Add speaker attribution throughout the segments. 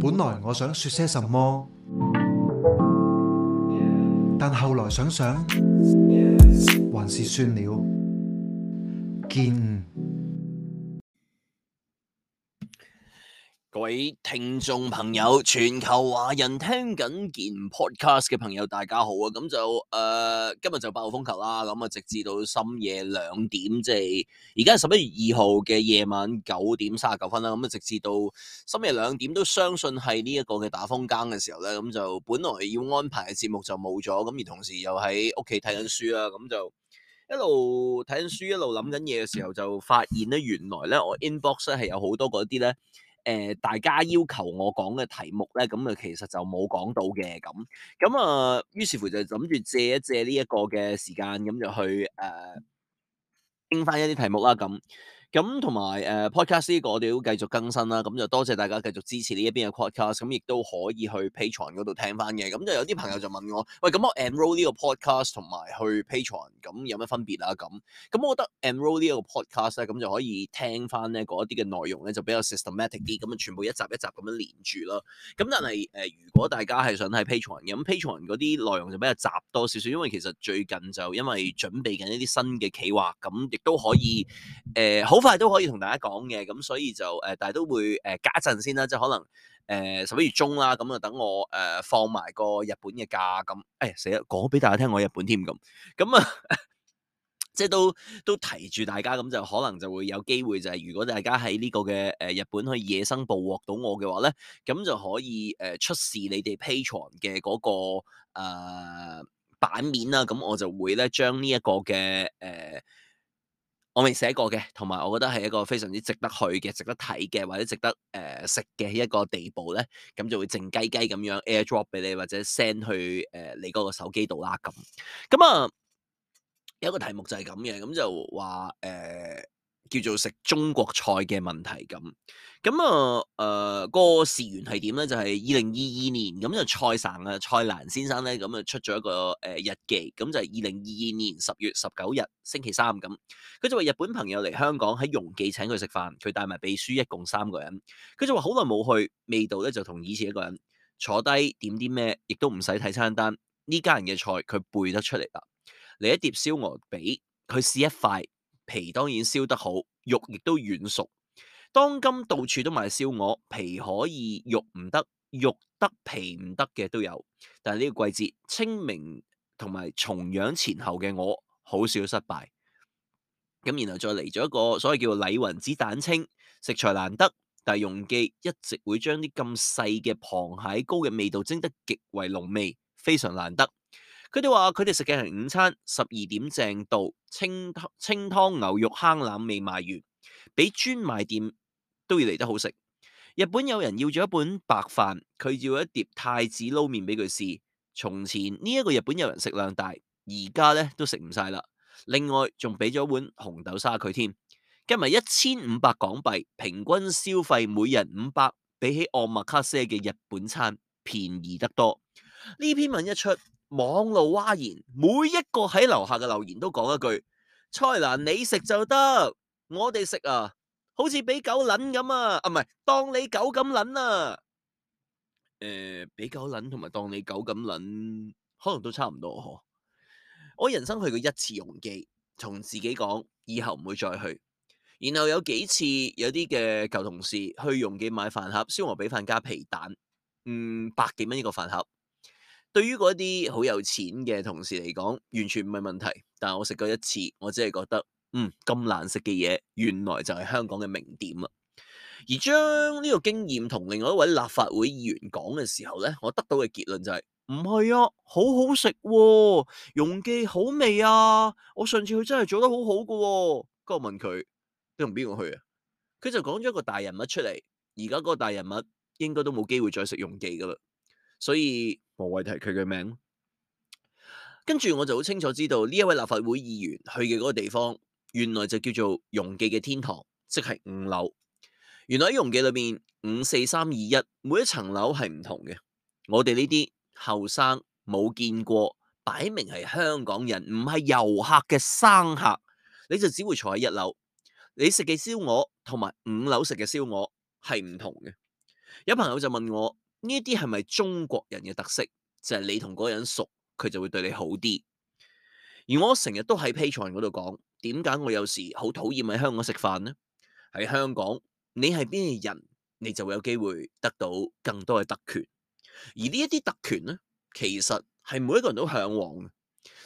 Speaker 1: 本來我想說些什麼，但後來想想，還是算了，見。各位聽眾朋友，全球華人聽緊件 podcast 嘅朋友，大家好啊！咁就誒、呃，今日就八號風球啦，咁啊，直至到深夜兩點，即係而家十一月二號嘅夜晚九點三十九分啦。咁啊，直至到深夜兩點，都相信係呢一個嘅打風更嘅時候咧。咁就本來要安排嘅節目就冇咗，咁而同時又喺屋企睇緊書啦。咁就一路睇緊書，一路諗緊嘢嘅時候，就發現咧，原來咧我 inbox 咧係有好多嗰啲咧。誒、呃、大家要求我講嘅題目咧，咁啊其實就冇講到嘅咁。咁啊於是乎就諗住借一借呢一個嘅時間，咁就去誒傾翻一啲題目啦咁。咁同埋誒 podcast 呢個我哋都繼續更新啦，咁就多謝大家繼續支持呢一邊嘅 podcast，咁亦都可以去 Patreon 嗰度聽翻嘅。咁就有啲朋友就問我，喂，咁我 enroll 呢個 podcast 同埋去 Patreon，咁有咩分別啊？咁咁我覺得 enroll 呢個 podcast 咧，咁就可以聽翻呢嗰啲嘅內容咧就比較 systematic 啲，咁啊全部一集一集咁樣連住囉。咁但係、呃、如果大家係想睇 Patreon 嘅，咁 Patreon 嗰啲內容就比較雜多少少，因為其實最近就因為準備緊一啲新嘅企劃，咁亦都可以好。呃都係都可以同大家講嘅，咁所以就誒，但係都會誒，隔、呃、陣先啦，即係可能誒十一月中啦，咁啊等我誒、呃、放埋個日本嘅假，咁誒死啦，講、哎、俾大家聽我日本添咁，咁啊，即係都都提住大家，咁就可能就會有機會、就是，就係如果大家喺呢個嘅誒、呃、日本去野生捕獲到我嘅話咧，咁就可以誒、呃、出示你哋 Patreon 嘅嗰個誒、呃、版面啦，咁我就會咧將呢一個嘅誒。呃我未寫過嘅，同埋我覺得係一個非常之值得去嘅、值得睇嘅或者值得誒食嘅一個地步咧，咁就會靜雞雞咁樣 AirDrop 俾你或者 send 去誒、呃、你嗰個手機度啦。咁咁啊，有一個題目就係咁嘅，咁就話誒。呃叫做食中國菜嘅問題咁，咁啊誒個事緣係點咧？就係二零二二年咁，咁就蔡生啊蔡瀾先生咧咁啊出咗一個誒、呃、日記，咁就係二零二二年十月十九日星期三咁。佢就話日本朋友嚟香港喺鏞記請佢食飯，佢帶埋秘書，一共三個人。佢就話好耐冇去，味道咧就同以前一個人坐低點啲咩，亦都唔使睇餐單，呢家人嘅菜佢背得出嚟啦。嚟一碟燒鵝俾佢試一塊。皮當然燒得好，肉亦都軟熟。當今到處都賣燒鵝，皮可以，肉唔得，肉得皮唔得嘅都有。但係呢個季節清明同埋重陽前後嘅我好少失敗。咁然後再嚟咗一個，所謂叫禮雲子蛋清，食材難得，但係鏞記一直會將啲咁細嘅螃蟹膏嘅味道蒸得極為濃味，非常難得。佢哋話：佢哋食嘅係午餐，十二點正度清，清湯清湯牛肉坑腩未賣完，比專賣店都要嚟得好食。日本友人要咗一碗白飯，佢要一碟太子撈麵俾佢試。從前呢一、這個日本友人食量大，而家咧都食唔晒啦。另外仲俾咗一碗紅豆沙佢添，加埋一千五百港幣，平均消費每人五百，比起奧麥卡西嘅日本餐便宜得多。呢篇文一出。網路嘩然，每一個喺樓下嘅留言都講一句：蔡瀾你食就得，我哋食啊，好似俾狗捻咁啊！啊，唔係，當你狗咁捻啊！誒、呃，俾狗捻同埋當你狗咁捻，可能都差唔多。我人生去過一次鏞記，同自己講以後唔會再去。然後有幾次有啲嘅舊同事去鏞記買飯盒，燒鵝髀飯加皮蛋，嗯，百幾蚊一個飯盒。對於嗰啲好有錢嘅同事嚟講，完全唔係問題。但我食過一次，我只係覺得，嗯，咁難食嘅嘢，原來就係香港嘅名店啊！而將呢個經驗同另外一位立法會議員講嘅時候咧，我得到嘅結論就係、是，唔係啊，好好食，啊，鏞記好味啊！我上次去真係做得好好噶，啊。咁我問佢，你同邊個去啊？佢就講咗一個大人物出嚟。而家嗰個大人物應該都冇機會再食鏞記噶啦。所以無謂提佢嘅名。跟住我就好清楚知道呢一位立法會議員去嘅嗰個地方，原來就叫做鏞記嘅天堂，即係五樓。原來喺鏞記裏面，五四三二一，每一層樓係唔同嘅。我哋呢啲後生冇見過，擺明係香港人，唔係遊客嘅生客，你就只會坐喺一樓。你食嘅燒鵝同埋五樓食嘅燒鵝係唔同嘅。有朋友就問我。呢啲係咪中國人嘅特色？就係、是、你同嗰個人熟，佢就會對你好啲。而我成日都喺 Patreon 嗰度講，點解我有時好討厭喺香港食飯呢？喺香港，你係邊嘅人，你就會有機會得到更多嘅特權。而呢一啲特權咧，其實係每一個人都嚮往。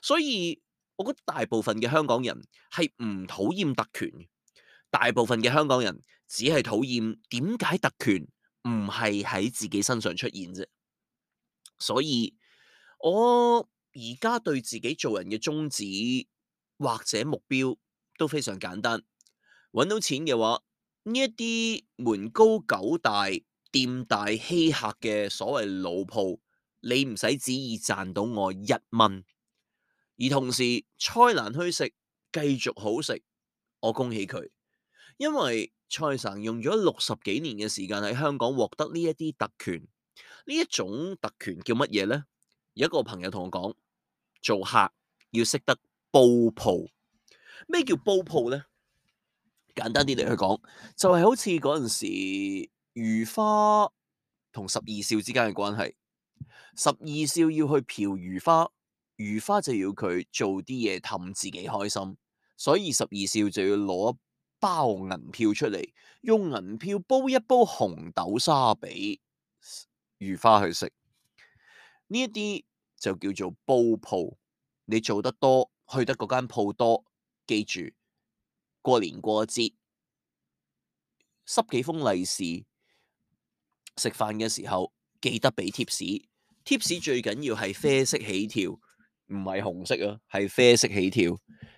Speaker 1: 所以我覺得大部分嘅香港人係唔討厭特權嘅，大部分嘅香港人只係討厭點解特權，唔係喺自己身上出現啫，所以我而家對自己做人嘅宗旨或者目標都非常簡單。揾到錢嘅話，呢一啲門高九大、店大欺客嘅所謂老鋪，你唔使旨意賺到我一蚊。而同時，蔡瀾去食繼續好食，我恭喜佢，因為。蔡生用咗六十幾年嘅時間喺香港獲得呢一啲特權，呢一種特權叫乜嘢咧？有一個朋友同我講，做客要識得煲鋪。咩叫煲鋪咧？簡單啲嚟去講，就係、是、好似嗰陣時如花同十二少之間嘅關係。十二少要去嫖如花，如花就要佢做啲嘢氹自己開心，所以十二少就要攞。包銀票出嚟，用銀票煲一煲紅豆沙俾如花去食。呢一啲就叫做煲鋪，你做得多，去得嗰間鋪多。記住，過年過節濕幾封利是，食飯嘅時候記得俾貼士。貼士最緊要係啡色起跳，唔係紅色啊，係啡色起跳。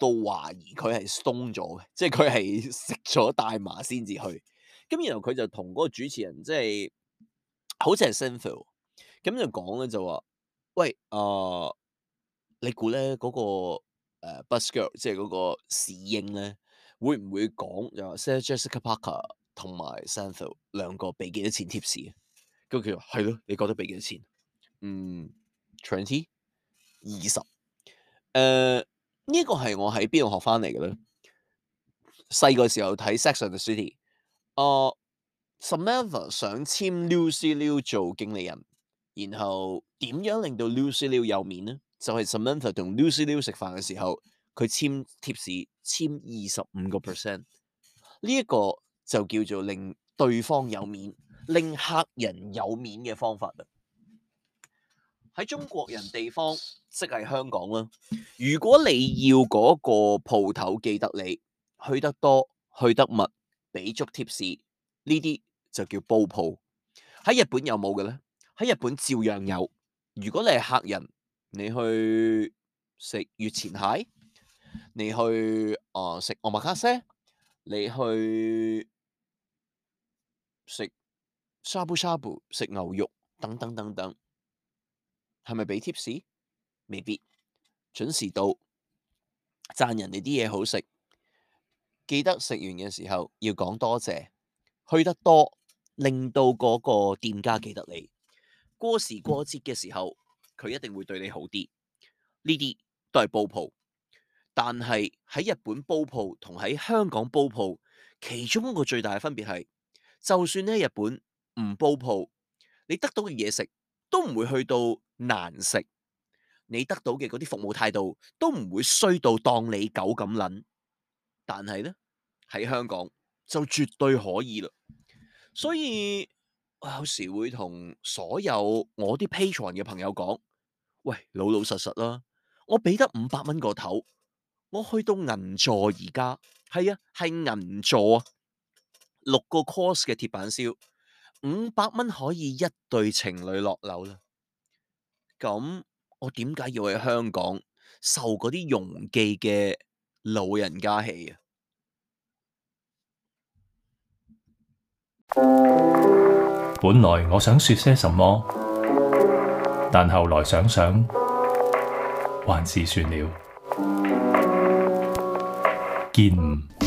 Speaker 1: 都懷疑佢係鬆咗嘅，即係佢係食咗大麻先至去。咁然後佢就同嗰個主持人即係好似係 Samuel 咁就講咧，就話、是：喂啊、呃，你估咧嗰個、呃、Busgirl 即係嗰個侍應咧，會唔會講就話 Sarah Jessica Parker 同埋 Samuel 兩個俾幾多錢 tips 啊？咁佢話係咯，你覺得俾幾多錢？嗯，twenty 二十誒。這個、是呢一個係我喺邊度學翻嚟嘅咧？細個時候睇《Sex and the City、呃》，啊，Samantha 想簽 Lucy Liu 做經理人，然後點樣令到 Lucy Liu 有面咧？就係、是、Samantha 同 Lucy Liu 食飯嘅時候，佢簽貼士，簽二十五個 percent，呢一個就叫做令對方有面、令客人有面嘅方法啦。喺中國人地方，即係香港啦。如果你要嗰個鋪頭記得你，去得多去得密，俾足貼士，呢啲就叫煲鋪。喺日本有冇嘅咧？喺日本照樣有。如果你係客人，你去食月前蟹，你去啊食奧馬卡西，你去食沙煲沙煲，食牛肉等等等等。係咪俾 tips？未必，準時到，讚人哋啲嘢好食，記得食完嘅時候要講多謝,謝，去得多令到嗰個店家記得你，過時過節嘅時候佢一定會對你好啲，呢啲都係煲鋪。但係喺日本煲鋪同喺香港煲鋪，其中一個最大嘅分別係，就算你喺日本唔煲鋪，你得到嘅嘢食。都唔會去到難食，你得到嘅嗰啲服務態度都唔會衰到當你狗咁撚，但係咧喺香港就絕對可以啦。所以我有時會同所有我啲 patron 嘅朋友講：「喂，老老實實啦，我俾得五百蚊個頭，我去到銀座，而家，係啊，係銀座啊，六個 course 嘅鐵板燒。五百蚊可以一對情侶落樓啦，咁我點解要喺香港受嗰啲鏞記嘅老人家氣啊？本來我想說些什麼，但後來想想，還是算了。見。